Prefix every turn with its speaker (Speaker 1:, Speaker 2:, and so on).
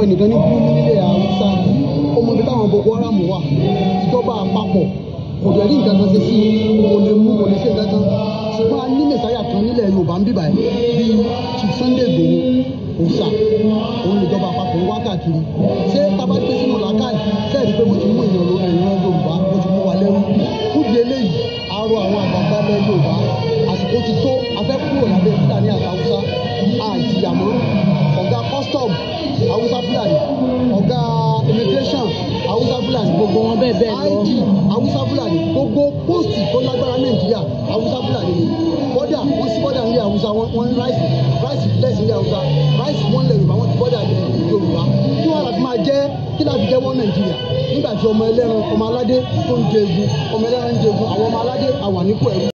Speaker 1: pe nìkan ní gúrúmù nílẹ̀ haúsá ó mọ ibi táwọn boko haram wà ìjọba àpapọ̀ kò dẹ̀ rí nǹkan kan ṣe sí kò lè mú kò lè ṣe nǹkan kan ṣùgbọ́n a ní mẹ̀sáyà kan nílẹ̀ yorùbá ń bíbà bíi chief sunday igbòho òòsà òun ìjọba àpapọ̀ ń wá káàkiri ṣé tábà gbé sínú làákàyè sẹ́ẹ̀rí pé mo ti mú ìyàn ìran yorùbá mo ti mú wa lẹ́rú fúdi eléyìí arọ àwọn àgbàgbà lẹ yorùbá àsìkò ti tó afẹ́ kúrò lábẹ́ fúlàní àtàwùsá àìsíyàmọ́ ọ̀gá custom bẹ́ẹ̀ bẹ́ẹ̀ lọ. haúsá fúlàní gbogbo póòsì tó lágbára nàìjíríà haúsá fúlàní ni bọ́dà wọ́n sí bọ́dà nílẹ̀ haúsá wọ́n ní ráìsì ráìsì lẹ̀ sí nílẹ̀ haúsá ráìsì wọ́n lẹ̀ yorùbá wọ́n ti bọ́dà lẹ̀ yorùbá kí wọ́n láti máa jẹ́ kí láti jẹ́ wọ́n nàìjíríà nígbà tí ọmọ ẹlẹ́ran ọmọ aládé tó ń jẹ egun ọmọ ẹlẹ́ran ń jẹ egun àwọn ọmọ aládé àwà nípò ẹ̀rú.